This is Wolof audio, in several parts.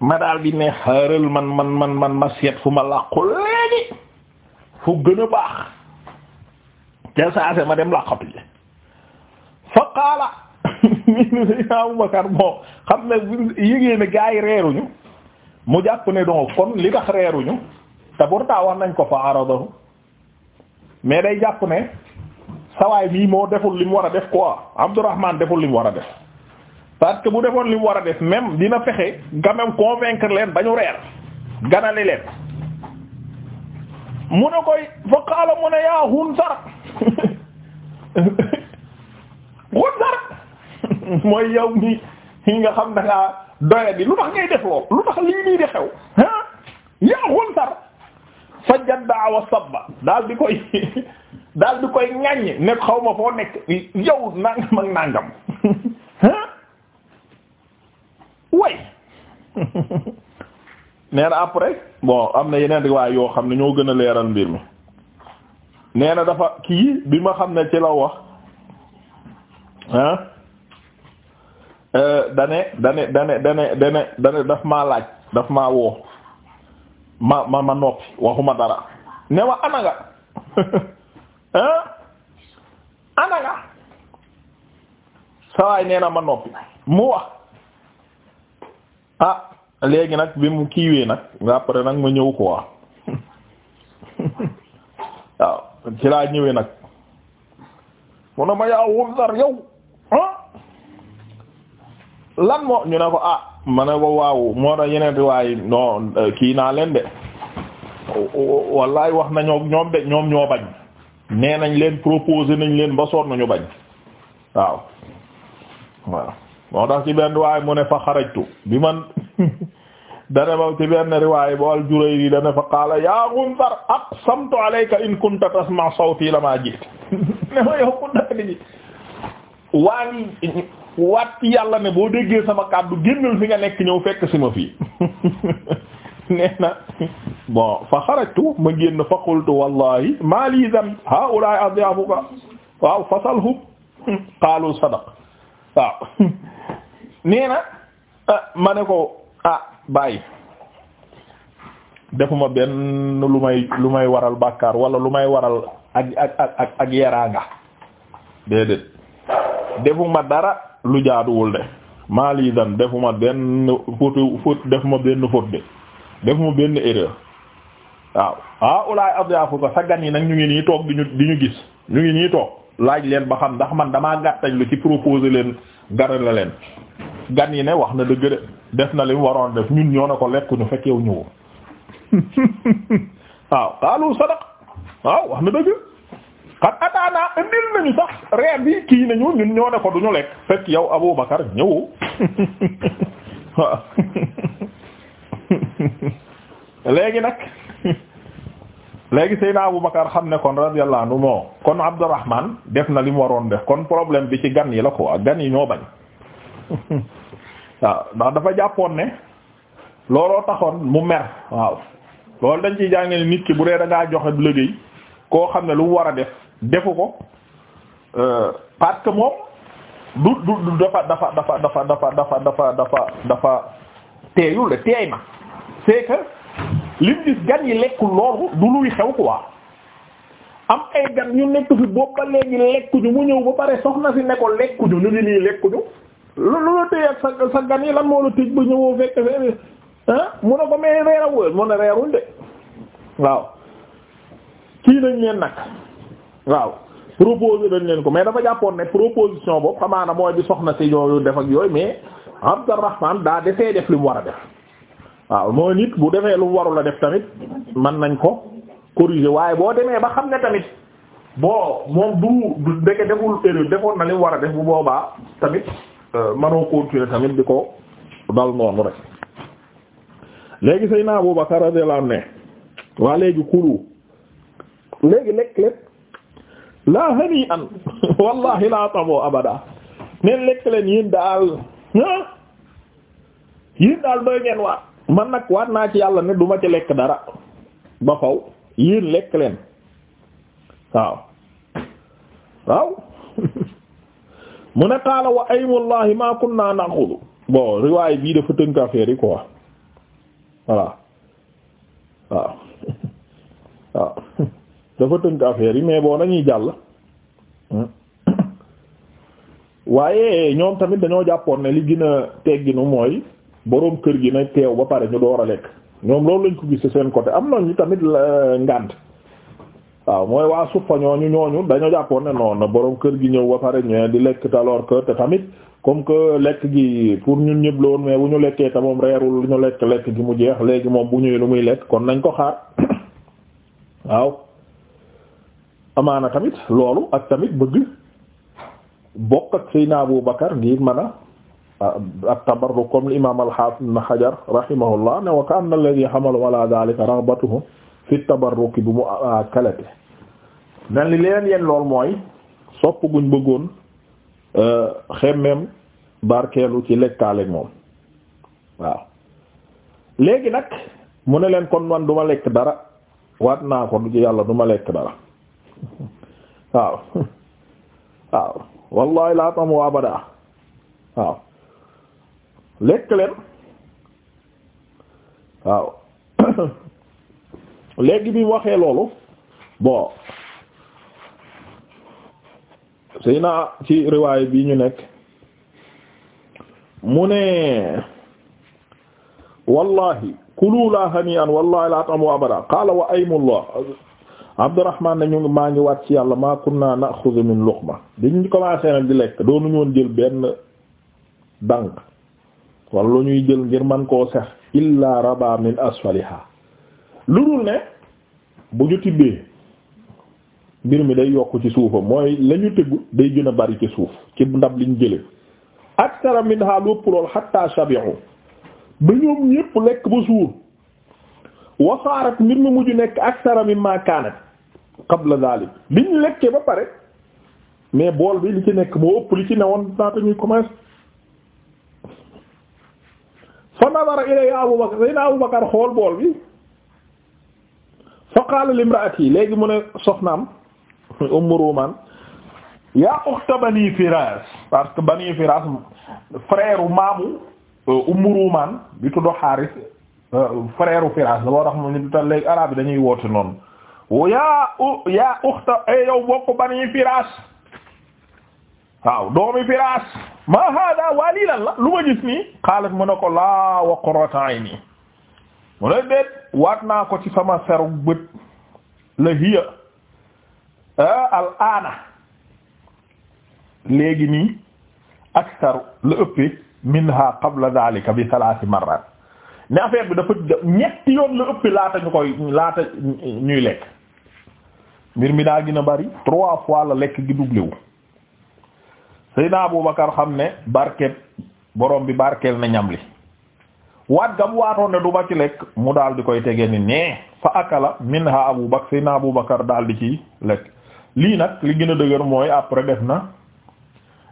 ma daal di ne xaaral man man man man ma seet fu ma làqu léegi fu gën a baax ca ma dem làqatu ji fa qaala ñi ni sa Abubakar bon xam ne yégée ne gaa yi reeruñu mu jàpp ne donc kon li tax reeruñu te pourtant wax nañ ko fa aradahu mais day jàpp ne sawaay mii moo deful li mu war a def quoi Abdourahman deful li war a def parce que bu defoon li mu war a def même dina fexe quand même convaincre leen ba ñu reer ganale leen mu ne koy fa qaala mu ne yaa Xunsar Xunsar mooy yow mi nga xam dangaa doye bi lu tax ngay def lool lu tax lii nii di xew ah yaa Xunsar fa jaddaa wa sabba daal di koy daal di koy ŋaññ nekk xaw ma foo nekk yow nangam ak nangam way nee na après bon am na yeneen riwaay yoo xam ne ñoo gën a leeral mbir mi nee dafa kii bi ma xam ne ci la wax ah dane dane dane dane daf maa laaj daf maa woo ma ma ma noppi waxuma dara ne ma anaga ah anaga sawaay nee na ma noppi mu wax ah léegi nag bi mu kiiwee nag nga après nag ma ñëw quoi waaw ci laa ñëwee nag mu ne ma yaa wum sar yow ah lan moo ñu ne ko ah ma ne ko waaw moo tax yeneen waaye non euh, kii naa leen de wallaay wax nañoo ñoom de ñoom ñoo bañ nee nañ leen proposé nañ leen ba soon nañu bañ waaw waaw moo tax ci benn riwaay mu ne fa xarajtu bi man dane ba ci benn riwaay bo al Jurayri dane fa qaala yaa Gunzar aqsamtu alayka in kunta tasma sawti lama ji'ta ne ma yow ku dagg ji waa ngi waat yàlla ne boo déggee sama kàddu génnal fi nga nekk ñëw fekk si ma fii nee na bon fa xarajtu ma génn fa qultu wallahi ma li dam haa'ulaa'i adyaafuka waaw fasalhum qaalu sadaq waaw nee ah, ma ne ko ah bàyyi defuma benn lu may lu may waral bàkkaar wala lu may waral ak ak ak ak ak yeraanga defuma dara lu jaaduwul de maa lii dan defuma benn faute faute defuma benn faute de defuma benn erreur waaw ah, ab ulaay adyaafu ko sa gan yi nag ñu ngi nii toog di ñu di ñu gis ñu ngi nii toog laaj leen ba xam ndax man damaa gàttañ lu ci proposer leen gara la leen gan yi ne wax na dëgg de def na li waroon def ñun ñoo na ko lekkuñu fekk yow ñëwoo waaw xaalu sadaq waaw wax na dëgg xat ataanaa indil nañu sax reer bi kii nañu ñun ñoo ne ko duñu lekk fekk yow Abu Bakar ñëwoo waaw léegi nag léegi Seydina Abu Bakar xam ne kon radiyallahu anhu moo kon Abdurrahman def na li mu waroon def kon problème bi ci gan yi la ko ak gan yi ñoo bañ waaw ndax dafa jàppoon ne looloo taxoon mu mer waaw loolu dañ ciy jàngee nit ki bu dee da ngaa joxe liggéey koo xam ne lu war a def defu ko euh, parce que moom du du dafa dafa dafa dafa dafa dafa dafa dafa dafa teeyul de teey na c'est lim gis gan yi lekk loolu du luy xew quoi am ay gan ñu nekk fi boobu ba léegi lekkuñu mu ñëw ba pare soxna si ne ko lekkuñu ñu ngi nii lekkuñu lu lu la téye sa sa gan yi lan moo la tëj ba ñëwoo fekk fee mu ne ko mais reera wël mu ne reeruñ de waaw kii nañ leen nag waaw proposé dañ leen ko mais dafa jàppoon ne proposition boobu xamaana mooy bi soxna si yooyu def ak yooyu mais Abdurrahman daa defee def li mu war a def waaw mooy nit bu defee lu warul a def tamit mën nañ ko corriger waaye boo demee ba xam ne tamit boo moom du du ndeke deful erreur defoon na li war a def bu boobaa tamit Euh, manoo continuer tamit di ko dal noonu rek léegi Seydina Abu Bakar radiyallahu anhu waa léegi kulu léegi lekk lekk laa hani an wallahi laa tamoo abada neen lekk leen yéen daal yéen daal doy ngeen waat man nag waat naa ci yàlla ne duma ci lekk dara ba faw yéen lekk leen waaw waaw mu ne qaala wa aymullahi ma kunna naxudu bon riwaay bii dafa tënk affaire yi quoi voilà waaw waaw dafa tënk affaire yi mais bon dañuy jàll hmm. waaye ñoom tamit dañoo jàppoon ne li gën a teggi tegginu mooy boroom kër gi na teew ba pare ñu door a lekk ñoom loolu lañ ko gis seen côté am na ñu tamit euh, ngànt waaw mooy waa suppa ñooñu ñooñu dañoo jàppoon ne noonu na borom kër gi ñëw ba pare ñëwee di lekk alors que te tamit comme que lekk gi pour ñu ñëpp la mais bu ñu lekkee te moom reerul ñu lekk lekk gi mu jeex léegi moom bu ñëwee lu muy lekk kon nañ ko xaar waaw amaana tamit loolu ak tamit bëgg bokk ak Seydina Abu Bakar ngir mën a ah, ak tabarru comme l'imam al-Hafiz Ibn Hajar rahimahullah ne wa na alladhi hamala ala dhalika raghbatuhum fi tabarruki bu mu ah, ah, kalate nan leen yeen lool mooy sopp guñ bëggoon euh, xemmeem barkeelu ci lekkaaleeg moom waaw léegi nag mu ne leen kon man du lekk dara waat naa ko du ci yàlla duma lekk dara waaw waaw wallahi laa tam waa abada waaw lekk leen waaw léegi bi waxee loolu bon sëy naa ci riwaay bi ñu nekk mu ne wallahi kulu la hani'an wallahi la tamu abada qala wa aymullah abdurrahman nañu maa ngi waat ci yàlla ma kunna na'khudhu min luqma dañu commencé nag di lekk doonuñu woon jël benn dànk wala lu ñuy jël ngir man koo sex illa raba min asfaliha lu dul ne bu ñu tibbee mbir mi day yokk ci suufam mooy la tëggu day gën a bari ci suuf ci ndab liñ jële aktara minha lu ëpp lool hatta shabi'u ba ñoom ñépp lekk ba suur wasaarat mbir mi mujj nekk aktara mimma kaanat qabla dhalik biñ lekkee ba pare mais bool bi li ci nekk moo ëpp li ci newoon naata ñuy commencé fa nadara ilayhi Abu Bakr xool bool bi fa qaala limraati léegi mu ne soxnaam Ummu Ruumaan yaa uxta Bani Firaas parce que Bani Firaas frère maamu euh, Ummu Ruumaan bi tudd Xaaris euh, frère Firaas la boo tax mu ñu tal léegi araab yi dañuy woote noonu yaa u yaa uxta ay eh, yow bokk Bani Firaas waaw doomi Firaas ma hada waa lan la lu ma gis nii xaalat mu ne ko laa wa qurrata ayni mu ne déet waat naa ko ci sama seru bët la hiya ah, al aana léegi nii aksaru la ëppee minha qabla dhalika bi thalath marrat ne affaire bi dafa ñetti yoon la ëppee laata ñu koy laata ñuy lekk mbir mi daa gën bari trois fois la lekk gi dublewu Seydina Abubakar xam ne barket borom bi barkeel na ñam li waat gam waatoon ne du ma ci lekk mu daal koy tege ni nee fa akala minha Abu Bakr sayna Abu Bakr daal di ci lekk lii nag li gën a dëgër mooy après def na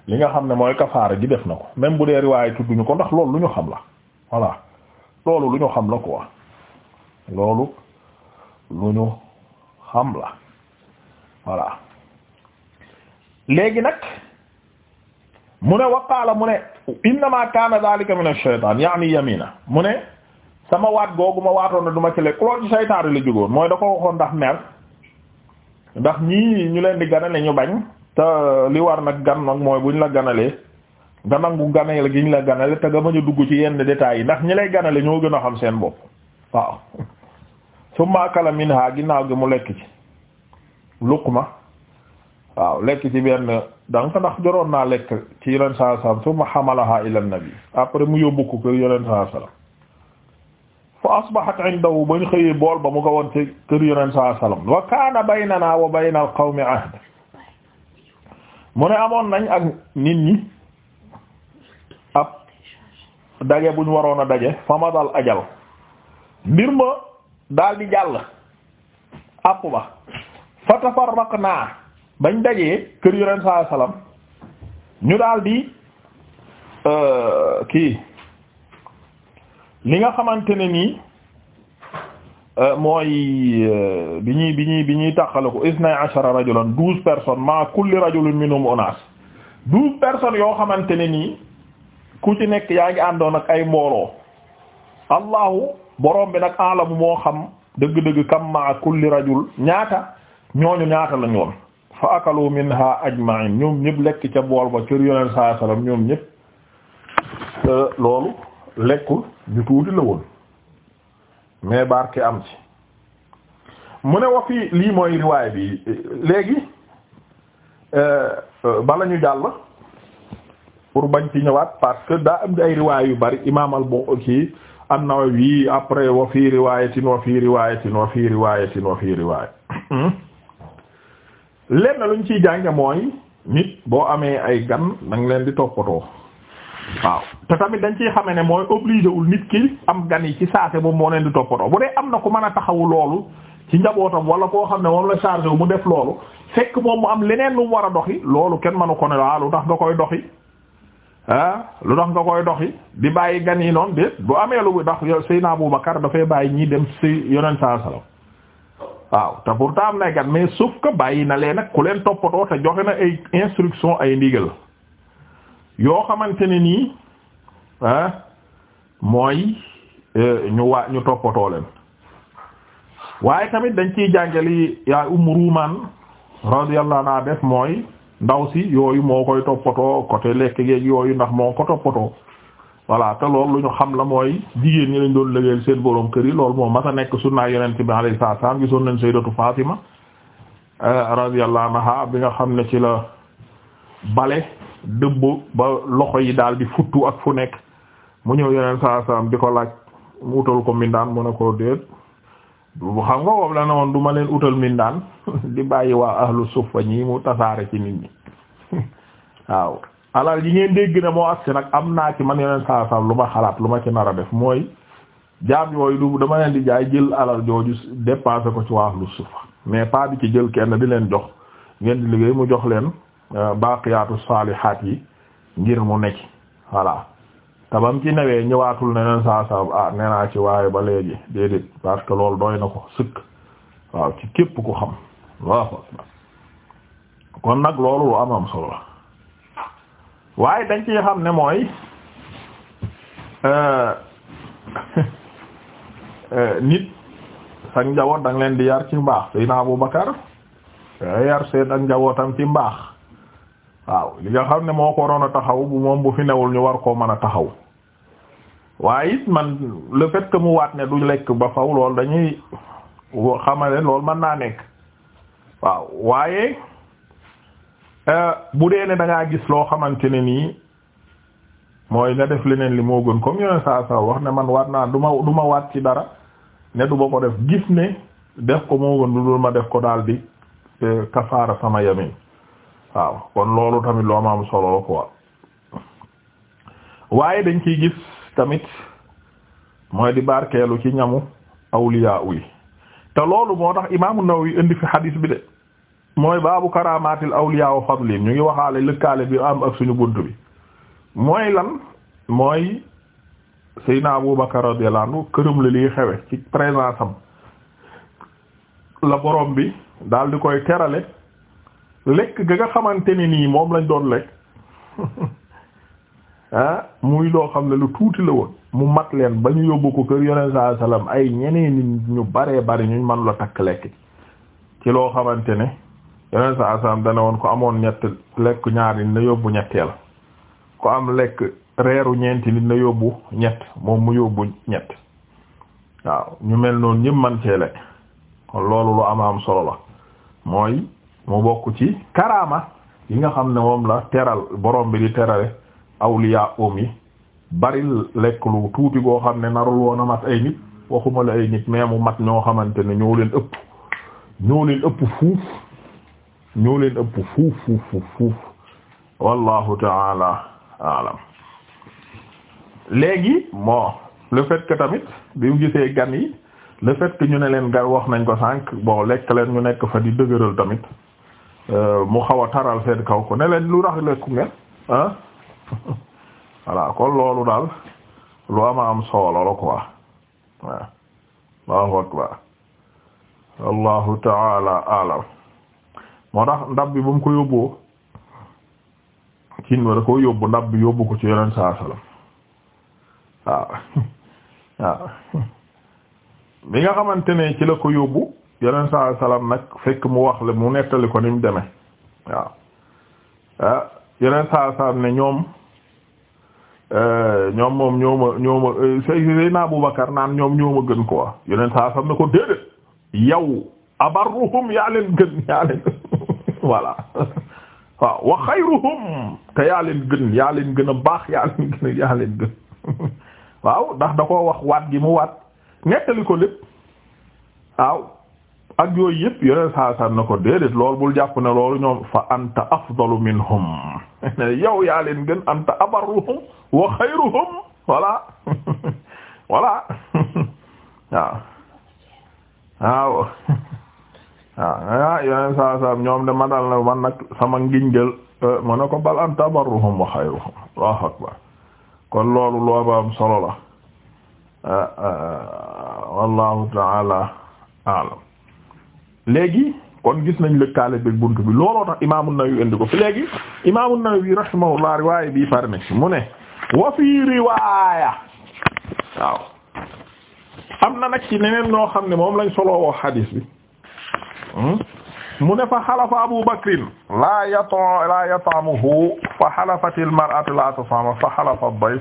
li nga xam ne mooy kafaara gi def na ko même bu dee riwaay tudduñu ko ndax loolu lu ñu xam la voilà loolu lu ñu xam la quoi loolu lu ñu xam la léegi nag mu ne waqaala mu ne innama kaana dhalika min ash-shaytaan yaani yamina mu ne sama waat googu ma waatoon na du ma ci lekk lool ci saytaane la jógoon mooy da ko waxoon ndax mer ndax ñii ñu leen di ganale ñu bañ te li war nag gan nag mooy buñ la ganalee nga nangu ganale gi ñu la ganale te nga mën dugg ci yenn détails yi ndax ñi lay ganale ñoo gën a xam seen bopp waaw summa akala minha ginnaaw gi mu lekk ci luqma waaw lekk ci benn danga ko ndax joroon lekk ci yeneen saa salaam summa hamalaha ila nabi après mu yóbbu ko saa salaam fa asbahat indahu ba ñu bool ba mu ko woon ci kër yeneen saa salaam wa kaana baynana wa bayna al ahd mu ne amoon nañ ak nit ñi ab daje bu ñu waroon a daje famadal ajal mbir ma daal di jàll àpp fa tafarraqna bañ dagee kër yonent saa salaam ñu daal di euh, kii li nga xamante ne nii euh, mooy euh, bi ñuy bi ñuy bi ñuy tàqale ko isnay ashara rajulan douze personnes ma kulli rajulin minhum unas douze personnes yoo xamante ne nii ku ci nekk yaa ngi àndoon ak ay mbooloo allahu borom bi nag alamu moo xam dëgg-dëgg kam ma kulli rajul ñaata ñooñu ñaata lañu woon fa akalu minha ajma'in ñoom ñëpp lekk ca bool ba cër yoneen saa salaam ñoom ñëpp loolu lekkul ñu tuuti la woon mais barke am ci mu ne wa lii mooy riwaay bi léegi euh, euh, bala ñu jàll pour bañ ci ñëwaat parce que daa am di ay riwaay yu bari imaam al-Bukhari an-Nawawi après wa fii riwaayatin wa fii riwaayatin wa fii riwaayatin wa fii riwaaya hmm? lenn luñ ciy jànge mooy nit boo amee ay gan danga leen di toppatoo waaw te tamit dañ ciy xame ne mooy obligé wul nit ki am gan yi ci saase moom moo leen di toppatoo bu dee am na ku mën a taxawu loolu ci njabootam wala koo xam ne moom la chargé wu mu def loolu fekk moom mu am leneen lu mu war a doxi loolu kenn mënu ko ne waaw ah lu tax nga koy doxi ah lu tax nga koy doxi di bàyyi gan yi noonu déet bu amee lu bu dox Seydina Abubakar dafay bàyyi ñii dem si yonent saa waaw te pourtant am na kat mais sauf bàyyi na leen nag ku leen toppatoo te joxe na ay instruction ay ndigal yoo xamante ne nii ah mooy euh, ñu waa ñu toppatoo leen waaye tamit dañ ciy jàngali yaay Ummu Ruumaan radiyallahu anha def mooy ndaw si yooyu moo koy toppatoo côté lekk geeg yooyu ndax moo ko toppatoo voilà te loolu lu ñu xam la mooy jigéen ñi lañ doon liggéeyal seen borom kër yi loolu moo ma a nekk sunna yonent bi alayhi salaam gisoon nañ sayyidatu Fatima euh, radiyallahu anha bi nga xam ne ci la bale dëbb ba loxo yi daal di futtu ak fu nekk mu ñëw yonent salaam di ko laaj mu utal ko mindaan mu ne ko déet bu xam nga boobu la ne woon du ma leen utal mindaan di bàyyi waa ahlu suffa ñi mu tasaare ci nit ñi waaw alal yi ngeen dégg ne moo agsi nag am naa ci man yeneen saa saa lu ma xalaat lu ma ci nar a def mooy jaam yooyu du dama leen di jaay jël alal jooju dépassé ko ci waa lu sufa mais pas bi ci jël kenn di leen jox ngeen di liggéey mu jox leen euh, baaqiyaatu saalihaat yi ngir mu nekk voilà tabam ci newee ñëwaatul ne leen saa saa ah nee ci waaye ba léegi déedéet parce que loolu doy na ko sëkk waaw ci képp ku xam kon nag loolu lu am solo waaye dañ ci xam ne mooy euh, euh, nit sag njaboot danga leen di yar ci mbaax naa bu Bakar yar seen ak njabootam ci mbaax waaw li nga xam ne moo ko waroon a taxaw moom bu fi newul ñu war koo mën a taxaw waaye it man le fait mu waat ne du lekk ba faw loolu dañuy xamale lool mën naa nekk waaw waaye Euh, bu dee ne da gis loo xamante ne nii mooy nga def leneen li moo gën comme yeneen saa saa wax ne man waat naa du ma du ma waat ci dara ne du ma ko def gis ne def ko moo gën du dul ma def ko daal di euh, kafaara sama yamin waaw kon loolu tamit loo ma am solo quoi waaye dañ ciy gis tamit mooy di barkeelu ci ñamu awliya yi te loolu moo tax Imaamu Nawawi indi fi hadis bi de. mooy baabu karamaatil awliya wa fadlihim ñu ngi waxaale lëkkaale bi am ak suñu bunt bi mooy lan mooy Seydina Abu Bakar radiyallahu anhu këram la lii xewe ci présence am la borom bi daal di koy terale lekk ga nga xamante ni nii moom lañ doon lekk ah muy loo xam ne lu tuuti la woon mu mat leen ba ñu yóbbu ko kër yonent saa sallam ay ñeneen ñu baree bari ñu man la takk lekk ci loo xamante ne yeneen sa asam dana woon ko amoon ñett lekk ñaari nit na yóbbu ñetteel ko am lekk reeru ñeenti nit na yóbbu ñett moom mu yóbbu ñett waaw ñu mel noon ñëpp man ceele kon loolu lu am am solo la mooy mu bokk ci karaama yi nga xam ne moom la teral borom bi di terale awliya om yi bari lekk lu tuuti boo xam ne narul woon a mat ay nit waxuma la ay nit mais mu mat ñoo xamante ne ñoo leen ëpp ñoo ëpp fuuf ñoo leen ëpp fuuf fuuf fuuf wallahu taala alam léegi moo le fait tamit bi mu gisee gan yi le fait ñu ne leen gan wax nañ ko sànk bon lekk leen ñu nekk fa di dëgëral tamit euh, mu xaw a taral seen kaw ko ne leen lu rax lekku ngeen ah kon loolu daal lu ama am solo la quoi waaw Allahu akbar Allahu taala alam moo tax ndab bi ba mu ko yóbbu cin ba da koo yóbbu ndab bi yóbbu ko ci yeneen saa salaam waaw waaw bi nga xamante ne ci la ko yóbbu yeneen saa salaam nag fekk mu wax la mu nettali ko ni mu demee waaw ah, yeneen saa ne ñoom eh, ñoom moom ñoo ma ñoo ma eh, Seydina Abubakar naan ñoom ñoo ma gën quoi yeneen saa salaam ne ko déedéet yow abarruhum yaa leen gën yaa leen. voilà waaw wa xayruhum te yaa leen gën yaa leen gën a baax yaa leen gën a yaa leen gën waaw ndax da koo wax waat gi mu waat nettali ko lépp waaw ak yooyu yëpp yeneen saa saa na ko déedéet loolu bul jàpp ne loolu ñoom fa anta afdalu minhum yow yaa leen gën anta abarruhum wa xayruhum voilà waaw waaw waaw ah, ñoom de ma dal na man nag sama nginjël eh, ma ne ko bal an tabarruhum wa xayruhum Allahu akbar kon loolu lu solo la eh, eh, wallahu taala alam léegi kon gis nañ lëkkaale bi bunt bi looloo tax imaamu Nawawi indi ko fi léegi imaamu maw rahimahullah riwaaya bii pare na ci mu ne wa riwaaya waaw am na nag ci neneen ñoo xam ne moom lañ soloo woo xadiis bi Hmm? mu ne fa xalafa Abu Bakrin laa yato laa yataamuhu fa xalafatil mar'atu laa tusaama fa xalafa ad-dayf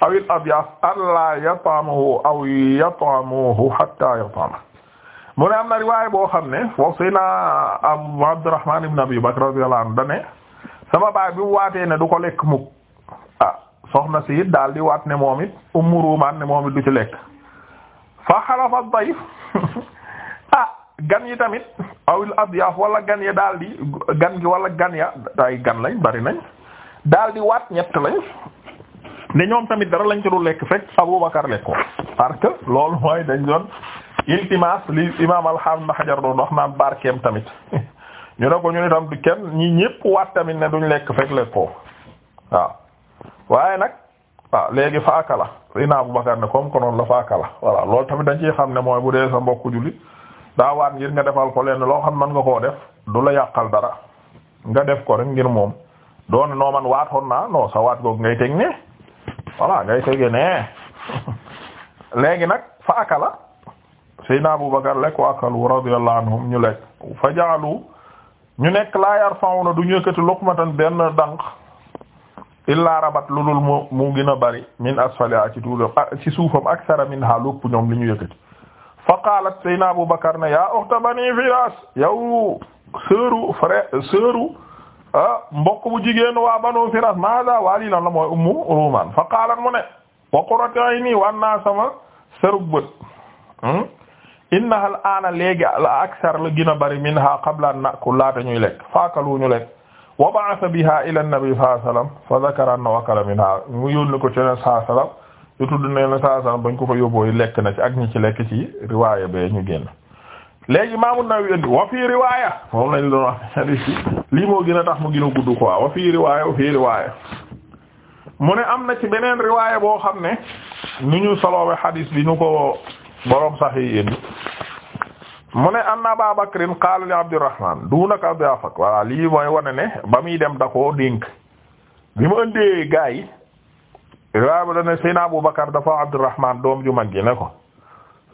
awil abyas allaa yataamuhu aw yataamuhu hatta yataama mu ne am na riwaay boo xam ne foofu sëy naa Abu Abdurrahman ibn Abi Bakr radiyallahu anhu dane sama baay bi mu waatee ne du ko lekk mukk ah soxna si it daal di waat ne moom it Ummu Rumaan ne moom it du ci lekk fa xalafa ad-dayf gan yi tamit awil adyaf wala gan ya daal di gan gi wala gan ya ay gan lañ bari nañ daal di waat ñett lañ ne ñoom tamit dara lañ ci du lekk fekk Abubakar lekk ko parce que loolu mooy dañ doon iltimas li imaam alxaam na xajar doon wax naan barkeem tamit ñu ne ko ñu ne tam du kenn ñi ñépp waat tamit ne duñ lekk fekk lekk waaw waaye nag waaw léegi faaka la inaa Abubakar ne comme konoon la faaka la voilà loolu tamit dañ ciy xam ne mooy bu dee sa mbokku jullit daawaat ngir nga defal ko leen loo xam man nga koo def du la yàqal dara nga def ko rek ngir moom doon noo man waatoon naa non sa waat googu ngay teg ne voilà ngay tege ne léegi nag fa akala Seydina Abubakar lekk wa akalu radiyallahu anhum ñu lekk fa jaalu ñu nekk laa na du ñu yëkkati luqmatan benn dànq illaa rabat lu dul mu mu gën a bari min asfali ci tuuram ah, ci suufam aksara minha lupp ñoom li ñu yëkkati fa qalat sayna Abu Bakar ne ya ukhta bani Firas yow sœuru frère sœuru ah mbokk bu jigéen waa banu Firas maada waa lii lan la mooy ummu Rumaan fa qalat mu ne wa qurratu ayni wan naa sama seru bët hmm? innaha al aana léegi al akthar la gën a bari minha qabla an na'kul laata ñuy lekk faakalu ñu lekk wa ba'atha biha ila an-nabi sallallahu alayhi wa sallam fa dhakara anna wakala minha mu yónni ko ci sallallahu alayhi wa sallam lu tudd ne na saasan bañ ko fa yóbboo lekk na ci ak ñi ci lekk ci riwaaya bee ñu génn léegi Imaamu Nawawi indi wa riwaaya moom lañ doon wax lii moo gën a tax mu gën gudd ko wa fii riwaaya wa riwaaya mu ne am na ci beneen riwaaya boo xam ne nu ñu soloowe hadith bi ñu ko borom sax yi indi mu ne anna Abaa Bakrin qaala li Abdurrahmaan duunaka Abuu Afak voilà lii mooy wane ne ba muy dem da koo dénk bi mu indee gaa yi riwaaya ba dana Seydina Abu Bakar dafa Abdurrahman doom ju mag gi ne ko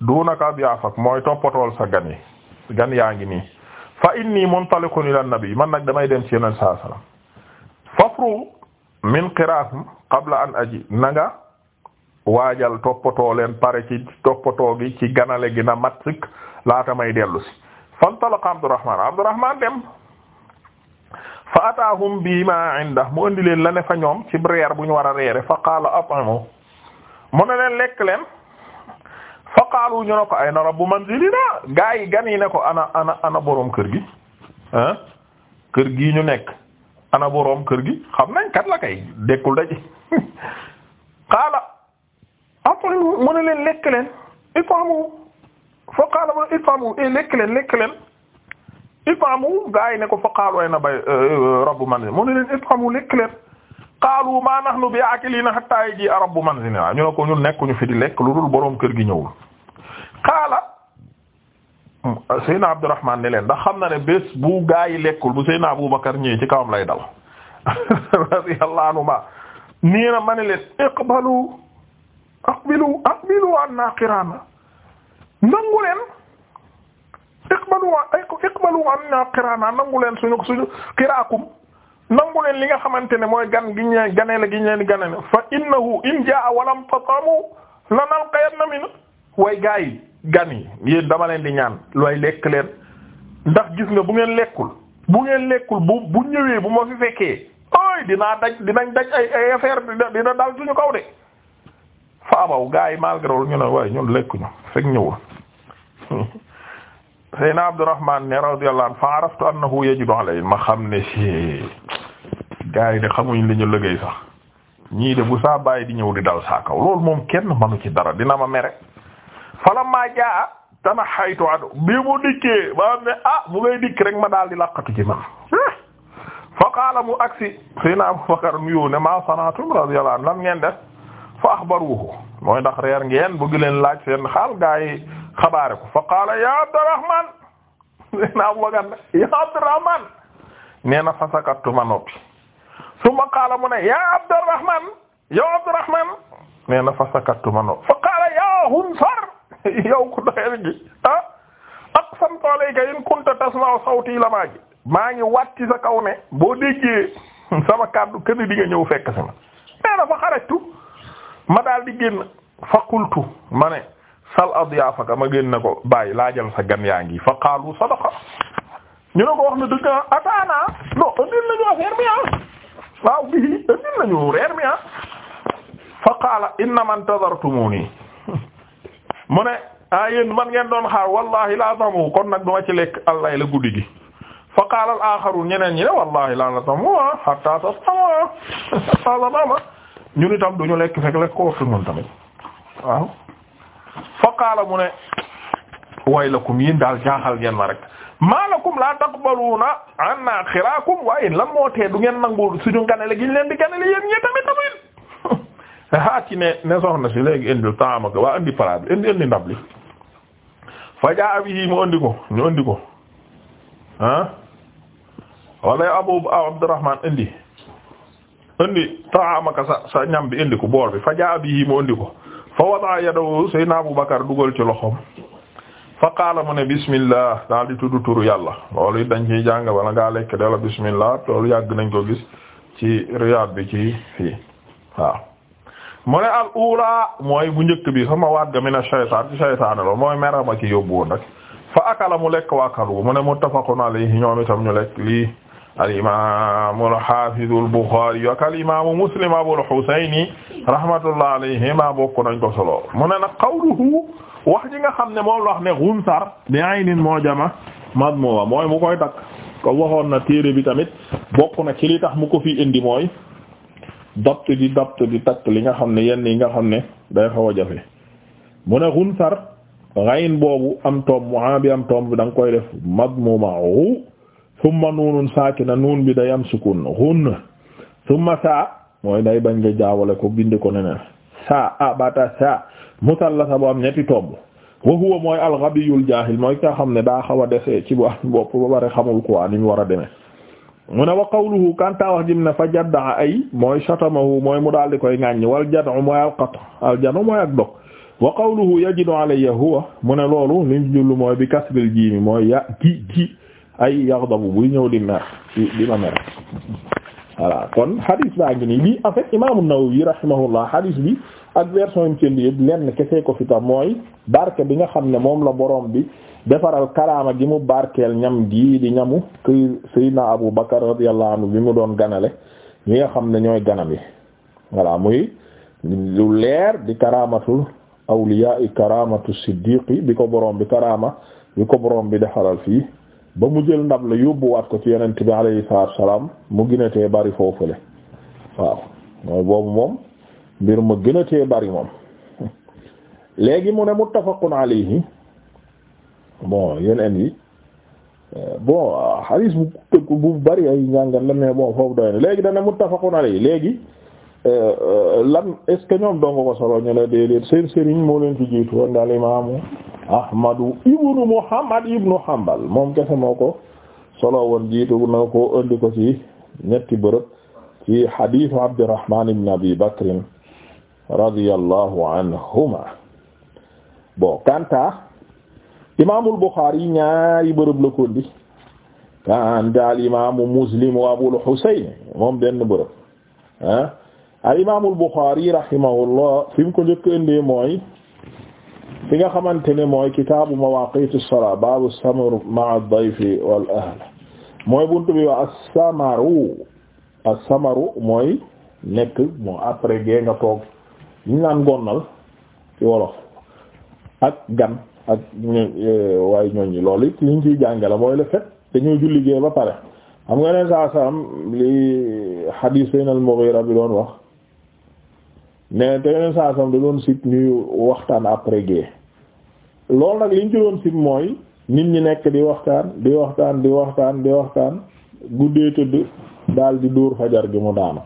dunaka diyaafak mooy toppatool sa gan yaa ngi nii fa inni muntaliqun ila nabi man nag damay dem ci Yonent saa salaam min qiraakum qabla an aji nanga waajal toppatoo leen pare ci toppatoo gi ci ganale gi na mat sikk laata may dellu si fantalaqa Abdurrahman Abdurrahman dem fa ataahum bi ma inda mu andi leen la ne fa ñoom ci reer bu ñu war a reere fa qaala at'imu mu ne leen lekk leen fa qaalu ñu ne ko ayna rabbu manzilina gaa yi gan yi ne ko ana ana boroom kër gi ah kër gi ñu nekk ana boroom kër gi xam nañ kat la kay dekkul daji qaala at'imu mu ne leen lekk leen it'amu fa qaala mu it'amu eh, lekk leen lekk leen it'amu gaa yi ne ko fa qaalu ayna bay euh, rabbu manzil mu ne leen it'amu lekk leen qaalu ma nahnu bi aakiliina hattaa yaji'a rabbu manzilina ñu ne ko ñun nekkuñu fi di lekk lu dul boroom kër gi ñëwul qaala Seydina Abdourahmane ne leen ndax xam na ne bés bu gaa yi lekkul bu Seydina Aboubacar ñëwee ci kawam lay dal radiyallahu anhuma nii na ma ne leen iqbalu aqbilu aqbilu annaa nangu leen iqbalu ay iqbalu anna qiraana nangu leen suñu suñu qiraakum nangu leen li nga xamante ne mooy gan gi ñu ganee la gi ñu leen ganee fa innahu in jaa walam tatamu lanalqayanna min way gaa yi gan yi yéen dama leen di ñaan looy lekk leen ndax gis nga bu ngeen lekkul bu ngeen lekkul bu bu ñëwee bu ma fi fekkee ooy dinaa daj dinañ daj ay ay affaire dina dal suñu kaw de fa abaw gaa yi malgré ñu ne waaye ñun lekkuñu fekk ñëwul Seyna Abdourahman ne radiyallahu anhu fa araftu annahu yajibu alayhi ma xam ne si gars yi xamuñ li ñu sax ñii de bu saa bàyyi di ñëw di dal saa kaw moom kenn manu ci dara dina ma mere. fala maa jaa tana xaytu adu bi mu dikkee ba xam ne ah mu ngay dikk rek ma daal di laqatu ci man. fa qaala mu agsi Seyna Abubakar nuyoo ne maa sanaatum radiyallahu anhu lan ngeen def fa axbaruhu mooy ndax reer ngeen bëgg leen laaj seen xaal gaa yi xabaare ko fa qaala ya Abdurrahman seen Abu Bakar na fasakattu ma noppi summa qaala mu ne ya Abdurrahman yow Abdurrahman nee na fasakattu ma noppi fa qaala ya Hunsar yow ku doyal gi in kunta tasma'u sawti la maa ngi wàtti sa kaw ne boo déggee sama kàddu kenn di nga ñëw fekk si ma nee fa xarajtu ma daal di génn fa qultu ma ne sal adyafaka ma génn ko bàyyi laajal sa gan yaa ngi fa qaalu sadaqa ñu ne ko a na dëgg ah ataana non indil nañu affaire bi ah waaw bii indil nañu reer mi ah fa qaala innama intadartumuni mu ne ah yéen man ngeen doon xaar wallahi laa tamu kon nag duma ci lekk allay la guddi gi fa qaala al ñeneen ñi ne wallahi laa tamu ah hatta tasama ah. ñun itam duñu lekk fekk lekk ko wax ñun tamit waaw fa qaala mu ne waylakum yéen daal jaaxal ngeen ma rek maalakum la taqbaluna anna xiraakum waaye lan moo tee du ngeen nangu suñu ganale gi ñu leen di ganale yéen ñi tamit tamit haa ci ne ne soxna si léegi indi taamaka waa indi palaat bi indi indi ndab li fa jaa bihi mu indi ko ñu indi ko ah wala Abu Abdurrahman indi indi taamaka sa sa ñam bi indi ko bool bi fa jaa bihi mu indi ko fa wada yadahu sayna Abu Bakar dugal ci loxoom fa qaala mu ne bismillah daal di tudd turu yàlla loolu it dañ ciy jàng wala ngaa lekk dala bismillah loolu yàgg nañ ko gis ci riyaad bi ci fii waaw mu ne al ula mooy bu njëkk bi sama waat ga mina shaytaan ci loolu mooy merama ki yóbbu woon fa akala mu lekk wa akalu mu ne muttafaqun alayhi ñoom itam ñu lekk lii al-imaamu al-haafizu al-Buxaari ak al-imaamu Muslim Abul Husayni rahmatullahi alayhimaa bokk nañ ko solo mu ne nag qawluhu wax ji nga ne moom wax ne gunsar bi aynin mu'jama madmuuma mooy mu koy takk ko waxoon na téere bi tamit bokk na ci li tax mu ko fi indi mooy dabt di di takk li nga xam ne yenn yi nga xam ne day xaw a jafe mu ne gunsar rayin boobu am tomb mu bi am tomb bi da nga koy def summa nuunun na nuun bi day am sukun xunn summa saa mooy day bañ nga jaawale ko bind ko neneen saa ah bata saa musallasa bu am ñetti tomb wa huwa mooy alxabiyul jaahil mooy ka xam ne daa xaw a dese ci ba bopp ba bare xamul quoi ni mu war a demee mu ne wa qawluhu kanta wax jim ne fa jaddaa ay mooy shatamahu mooy mu daal di koy ŋàññ wal jad'u mooy al qat al jad'u mooy ak dog wa qawluhu yajidu alayya huwa mu ne loolu liñ jullu mooy bi kasril jiimi mooy ya gi gi ay yaghdabu buy ñëw di mer di kon hadith baa ngi nii lii en fait imaam an-Nawawi bi ak version yi mu cënd yëpp lenn kese ko fi tam mooy barke bi nga xam ne moom la boroom bi defaral karaama gi mu barkeel ñam gii di ñamu kër Seydina Abu Bakar radiyallahu anhu bi mu doon ganale ñi nga xam ne ñooy gana bi voilà muy lu leer di karaamatul awliya i karaamatu siddiqi bi ko borom bi karaama bi ko borom bi defaral fii. ba mu jël ndab la yóbbuwaat ko ci yeneen bi alayhi salaatu salaam mu gën a tee bari foofule waaw boobu moom mbir ma gën bari moom léegi mu ne muttafaqun alayhi bon yeneen yi bon xadiis bu tëgg bu bari ay njàngal la mais bon foofu doy na léegi dana muttafaqun alayhi léegi Euh, euh, lan est-ce que ñoom donga ko solo ñu la déedéet seen sëriñ moo jiitu woon daal imaamu ahmadu ibnu muhammad ibnu hanbal moom kese moo ko solo woon jiitu na ko indi ko ci ñetti bërëb ci hadithu abdurrahman ibn abi bakrin radiyallahu anhuma bon kanta imaamul bukhari ñaari bërëb la ko indi kan daal imaamu muslim wa abul husayn moom benn bërëb ah al imaamul Buxaari rahimahullah fi mu ko njëkk indee mooy fi nga xamante ni mooy kitaabu mawaaqiitu salaa baabu samar ma'a dayfi wal ahl mooy buntu bi wax as-samaru as-samaru mooy nekk moo après gee nga toog ñu naan gonnal ci wolof ak gan ak e, waaye ñooñu loolu it liñ ciy jàngale mooy le fait dañoo julli gee ba pare xam nga ne saa saam li xadiis Seynal Mughira bi doon wax. mais te yeneen saa sam da doon sit ñuy waxtaan après guerre lool nag liñ ci doon sit mooy nit ñi nekk di waxtaan di waxtaan di waxtaan di waxtaan guddee tëdd daal di dóor fajar gi mu daanu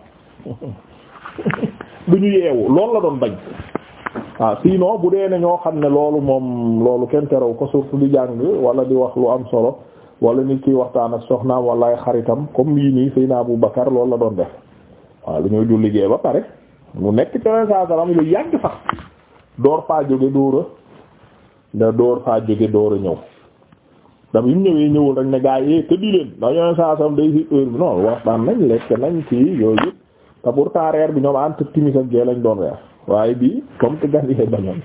du ñu yeewu loolu la doon bañ waaw ah, sinon bu dee ne ñoo xam ne loolu moom loolu kenn terew ko surtout di jàng wala di wax lu am solo wala nit ki waxtaan ak soxnaam wala ay xaritam comme yii nii naa bu Bakar loolu la doon def waaw lu ñuy julli liggéey ba pare. mu nekk ca saa salaam lu yàgg sax door faa jóge dóora da door faa jóge dóora ñëw dam yi mu ñëwee ñëwul rek ne gaa yi eh, tëddi leen ndax yeneen saa salaam day si heure bi non waxtaan nañ lekk nañ kii yooyu yëpp te pourtant reer bi ñoom entre timis ak gee lañ doon reer waaye bii comme que gan yee bañoon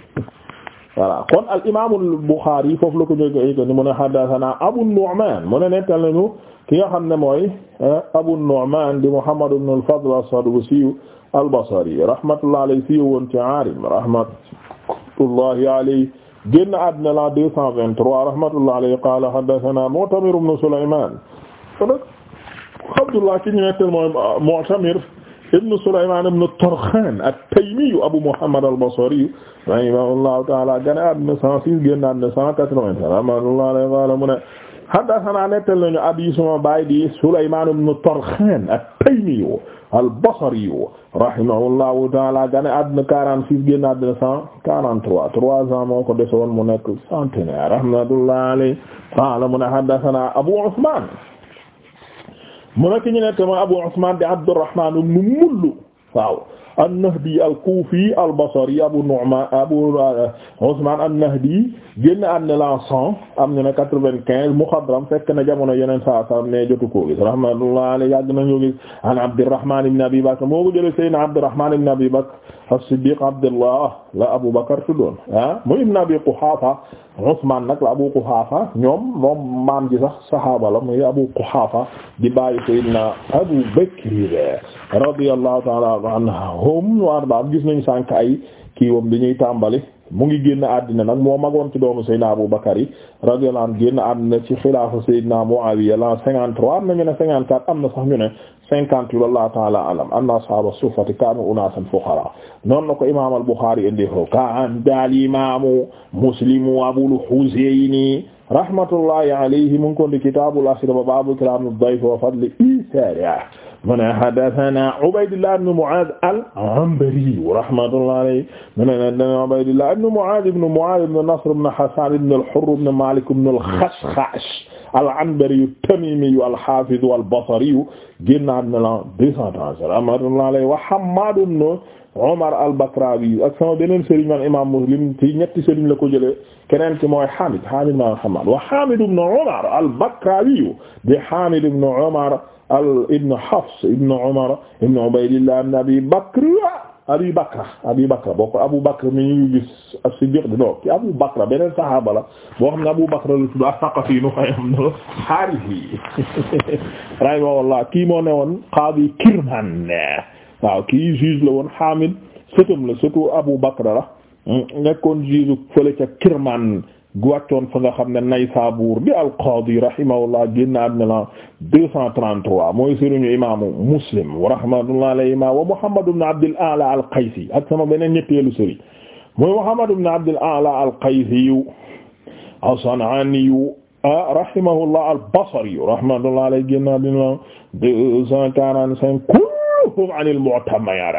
voilà kon al imaamul Buxaari foofu la ko jógee ko ni mu ne haddasanaa Abu Nu'maan mu ne nettal nañu ki nga xam ne mooy eh, Abu Nu'maan di Muhammad ibn al-Fadl as-Sadusi al-Basri rahmatullahi alayhi fi woon ci Aarim rahmatullahi alayhi génn àddina la 223 rahmatullahi alayhi qaala haddathana Mu'tamir ibn Sulaymaan Abdullah ci ñu nettal mooy Mu'tamir ibn Sulaymaan ibn Tarkhaan at-Taymi Abu Muhammad al-Basri rahimahullahu ta'ala génn àddina 106 génn àddina 180 rahmatullahi alayhi haddasanaa nettal nañu abi suma baay di Sulaymaan ibn Tarxaan at-Taymi al-Basri rahimahullahu ta'aala gane àdduna 46 génn àdduna 143 3 ans moo ko dese woon mu nekk centenaire rahmatullahi alayhi qaala mu ne haddasanaa Abu Usmaan mu nekk ñu nekk mooy Abu Usmaan di Abdurrahmaan ibn Mull waaw an-Nahdi al-Kufi al-Basri Abu Nu'man Abu euh, Usman an-Nahdi génn am na la cent am na quatre-vingt-quinze muxadram fekk na jamono yeneen saa saa ne jotu ko gis rahmatullahi alayhi yàgg nañu gis an Abdurrahman ibn Abi Bakr moo ko jëlee Seydina Abdurrahman ibn Abi Bakr as-Siddiq Abdullah la Abu Bakr tuddoon ah mu ibn Abi Quhafa Usman nag la Abu Quhafa ñoom moom maam ji sax saxaaba la muy Abu Quhafa di bàyyi Seydina Abu Bakr radiyallahu ta'ala anhu home wardaam gis nañu sànk ay kiiwam bi ñuy tàmbali mu ngi génn àddina nag moo magoon ci doomu Seydina Abu Bakar yi radiyallahu anhu génn àddina ci xilaafa Seydina Muawiya la 53 am na ñu ne 54 am na sax ñu ne 50 yu wallahu ta'ala alam anna ashaba suffati kanu unasan fuqara noonu ko imam al-Bukhari indi ko kan dal imamu Muslimu Abul Huzayni rahmatullahi alayhi mu ngi ko ndi kitaabul ashriba baabu ikraami dayfi wa fadli isaarihi mu ne haddasanaa Ubaydullah ibn Mu'aaz al-Anbari rahmatullahi alayhi mu ne haddasanaa Ubaydullah ibn Mu'aaz ibn Mu'aaz ibn Nasr ibn Hasaan ibn al-Hurr ibn Maalik ibn al-Khashkhaash al-Anbari at-Tamiimi al-Haafiz al-Basri génn na 230 rahmatullahi alayhi wa Hammaad Omar al-Bakrawi ak sama beneen sëriñ man imam Muslim ci ñetti sëriñ la ko jëlee keneen ki mooy Hamid Hamid ma Muhammad wa Hamid ibn Omar al-Bakrawi di Hamid ibn Omar al ibn Hafs ibn Omar ibn Ubaydillah ibn Abi Bakr Abi Bakra Abi Bakra boo ko Abu Bakr mi ñu gis as-Siddiq di doo ci Abu Bakra beneen saxaaba la boo xam ne Abu Bakra la tudd as-Saqafi yi nu koy am na Haarisi rahimahullah kii moo ne woon qaadi Kirman waaw kii juge la woon Hamid sëtam la surtout Abu Bakr la hmm, nekkoon juge fële ca Kirman guwàccoon fa nga xam ne Naysabur di al-Qadi rahimahullah génn àddina la 233 mooy sëriñu imaamu Muslim wa rahmatullahi alayhi wa Muhammad ibn Abd al-A'la al-Qaysi ak sama beneen ñetteelu sëriñ mooy Muhammad ibn Abd al-A'la al-Qaysi as-San'ani rahimahullah al-Basri rahmatullahi alayhi génn àddina la 245 kulluhum anil mu'tamir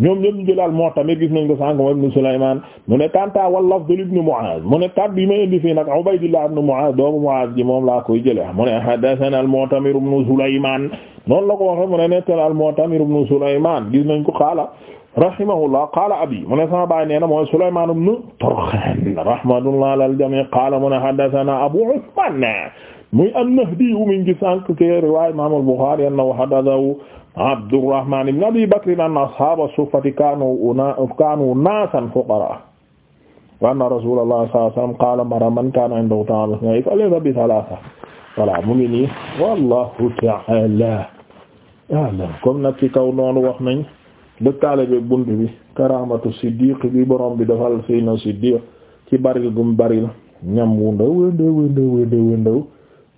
ñoom ñoom ñu jëlal mu'tamir gis nañ ko sànq moom ibn Sulaymaan mu ne Kanta wal lafz ibn Mu'aaz mu ne kat bi ma indi fii nag Ubaydullah ibn Mu'aaz doomu Mu'aaz ji moom laa koy jëlee mu ne haddasanaa al mu'tamir ibn Sulaymaan noonu la ko waxee mu ne nettal al mu'tamir ibn Sulaymaan gis nañ ko qaala rahimahullah qaala abi mu ne sama baay nee na mooy Sulaymaan ibn Tarxaan rahmatullahi alal jamii' qaala mu ne haddasanaa Abu Usmaan muy an-Nahdi wu mi ngi sànq ke riwaaya Imaam al-Buxaari annahu haddathahu Abdurrahmaan ibn Abi Bakr anna ashaaba suffati kaanu naasan fuqaraa wa anna Rasuulallaah sallallaahu alayhi wa sallam qaala marra man kaana indahu ta'aamun falyadhhab bi thalaatha voilà mu ngi nii wallaahu ta'aalaa a'lam comme nag ci kaw noonu wax nañ dëkkaale bi bunt bi karaamatu Siddiq bi borom bi defal Seydina Siddiq ci baril gum baril ñam wu ndaw wëndew wëndew wëndew wëndew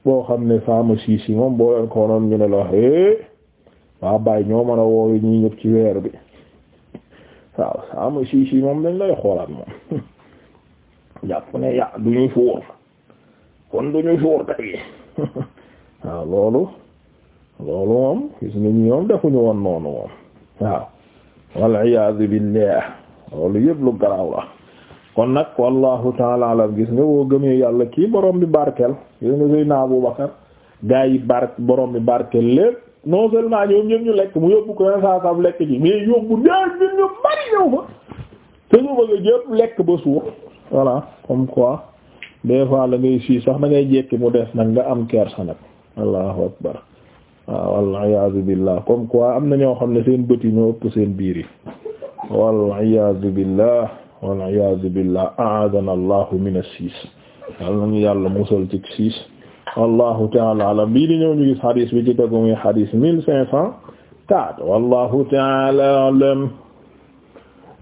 boo xam ne saama siis yi moom boo leen ko ñu ne la hee waa bàyyi ñoo mën a wooru ñii ci weer bi waaw saama siis moom dañ lay xoolaat moom jàpp ne ya du ñuy fuur kon du ñuy fuur tey waaw loolu loolu moom gis nga ñi ñoom defuñu woon noonu moom waaw wal iyaadu billah loolu yëpp lu garaaw la kon nag wallahu taala alam gis nga woo gëmee yàlla kii borom bi barkel gis nga Seydina Abu Bakar gaa yi bark borom bi barkel lépp non seulement ñoom ñëpp ñu lekk mu yóbbu ko yenn saa saaf lekk ji mais yóbbu ñaar ñu bari ñëw fa te ñu bëgg jëpp lekk ba suur voilà comme quoi des fois la ngay sii sax da ngay jekki mu des nag nga am kersa nag allahu akbar waaw wal iyaazu billah comme quoi am na ñoo xam ne seen bët yi ñoo ëpp seen biir yi wal iyaazu wal iyaadu billah a'aadana allahu min as-siis yal nañu yàlla musal ci siis wallahu taala alam bii di ñëw ñu gis xadis bi ci tegu muy xadis mille cinq cent quatre wallahu taala alam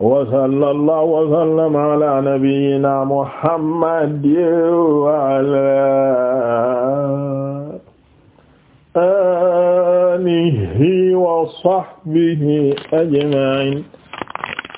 wa sallallahu wa sallama ala nabiyyina muhammadin wa ala alihi wa sahbihi ajma'in